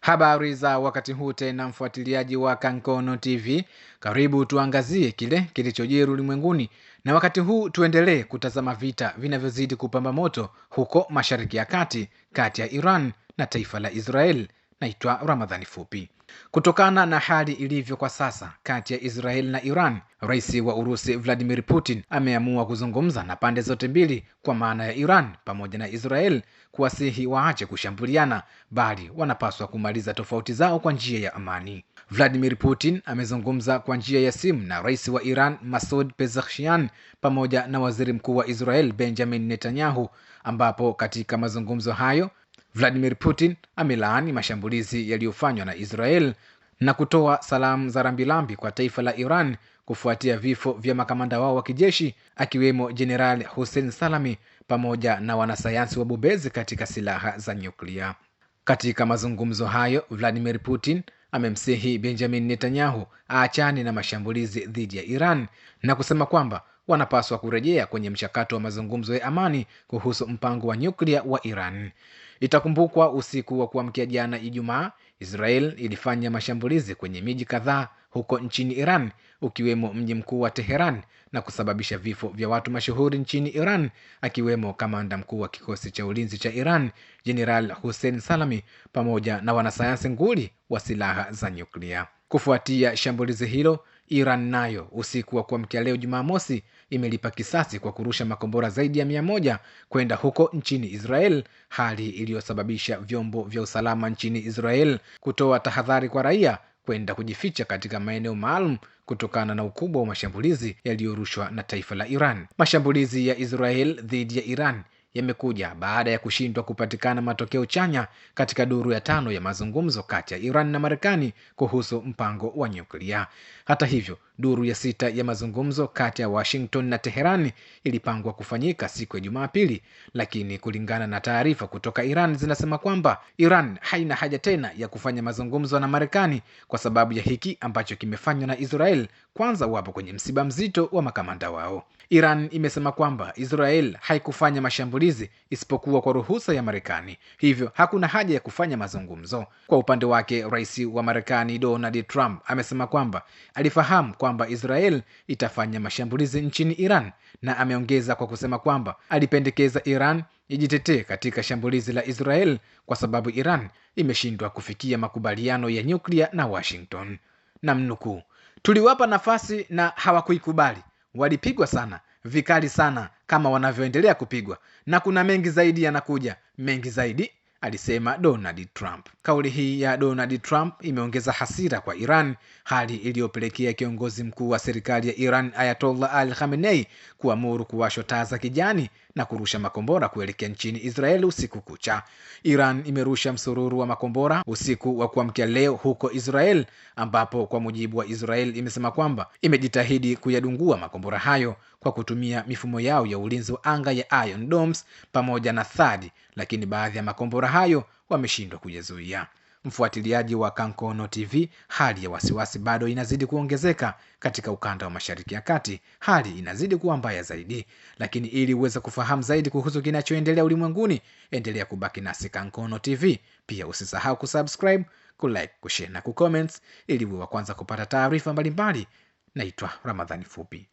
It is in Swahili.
Habari za wakati huu tena, mfuatiliaji wa Kankono TV, karibu tuangazie kile kilichojiri ulimwenguni, na wakati huu tuendelee kutazama vita vinavyozidi kupamba moto huko Mashariki ya Kati, kati ya Iran na taifa la Israel naitwa ramadhani fupi kutokana na hali ilivyo kwa sasa kati ya israeli na iran rais wa urusi vladimir putin ameamua kuzungumza na pande zote mbili kwa maana ya iran pamoja na israel kuwasihi waache kushambuliana bali wanapaswa kumaliza tofauti zao kwa njia ya amani vladimir putin amezungumza kwa njia ya simu na rais wa iran masud pezakshian pamoja na waziri mkuu wa israel benjamin netanyahu ambapo katika mazungumzo hayo Vladimir Putin amelaani mashambulizi yaliyofanywa na Israel na kutoa salamu za rambirambi kwa taifa la Iran kufuatia vifo vya makamanda wao wa kijeshi akiwemo jeneral Hussein Salami pamoja na wanasayansi wabobezi katika silaha za nyuklia. Katika mazungumzo hayo, Vladimir Putin amemsihi Benjamin Netanyahu aachane na mashambulizi dhidi ya Iran na kusema kwamba wanapaswa kurejea kwenye mchakato wa mazungumzo ya amani kuhusu mpango wa nyuklia wa Iran. Itakumbukwa usiku wa kuamkia jana Ijumaa, Israel ilifanya mashambulizi kwenye miji kadhaa huko nchini Iran, ukiwemo mji mkuu wa Teheran na kusababisha vifo vya watu mashuhuri nchini Iran, akiwemo kamanda mkuu wa kikosi cha ulinzi cha Iran Jeneral Hussein Salami pamoja na wanasayansi nguli wa silaha za nyuklia. Kufuatia shambulizi hilo, iran nayo usiku wa kuamkia leo jumamosi imelipa kisasi kwa kurusha makombora zaidi ya mia moja kwenda huko nchini israel hali iliyosababisha vyombo vya usalama nchini israel kutoa tahadhari kwa raia kwenda kujificha katika maeneo maalum kutokana na ukubwa wa mashambulizi yaliyorushwa na taifa la iran mashambulizi ya israel dhidi ya iran yamekuja baada ya kushindwa kupatikana matokeo chanya katika duru ya tano ya mazungumzo kati ya Iran na Marekani kuhusu mpango wa nyuklia. Hata hivyo, duru ya sita ya mazungumzo kati ya washington na teherani ilipangwa kufanyika siku ya jumapili lakini kulingana na taarifa kutoka iran zinasema kwamba iran haina haja tena ya kufanya mazungumzo na marekani kwa sababu ya hiki ambacho kimefanywa na israel kwanza wapo kwenye msiba mzito wa makamanda wao iran imesema kwamba israel haikufanya mashambulizi isipokuwa kwa ruhusa ya marekani hivyo hakuna haja ya kufanya mazungumzo kwa upande wake rais wa marekani donald trump amesema kwamba alifahamu kwa kwamba israel itafanya mashambulizi nchini iran na ameongeza kwa kusema kwamba alipendekeza iran ijitetee katika shambulizi la israel kwa sababu iran imeshindwa kufikia makubaliano ya nyuklia na washington na mnukuu tuliwapa nafasi na hawakuikubali walipigwa sana vikali sana kama wanavyoendelea kupigwa na kuna mengi zaidi yanakuja mengi zaidi alisema donald trump kauli hii ya donald trump imeongeza hasira kwa iran hali iliyopelekea kiongozi mkuu wa serikali ya iran ayatollah al khamenei kuamuru kuwashwa taa za kijani na kurusha makombora kuelekea nchini Israeli usiku kucha. Iran imerusha msururu wa makombora usiku wa kuamkia leo huko Israel, ambapo kwa mujibu wa Israel imesema kwamba imejitahidi kuyadungua makombora hayo kwa kutumia mifumo yao ya ulinzi wa anga ya Iron Domes pamoja na Thadi, lakini baadhi ya makombora hayo wameshindwa kuyazuia. Mfuatiliaji wa Kankono TV, hali ya wasiwasi bado inazidi kuongezeka katika ukanda wa Mashariki ya Kati. Hali inazidi kuwa mbaya zaidi, lakini ili uweze kufahamu zaidi kuhusu kinachoendelea ulimwenguni, endelea kubaki nasi Kankono TV. Pia usisahau kusubscribe, kulike, kushare na kucomment ili uwe wa kwanza kupata taarifa mbalimbali. Naitwa Ramadhani Fupi.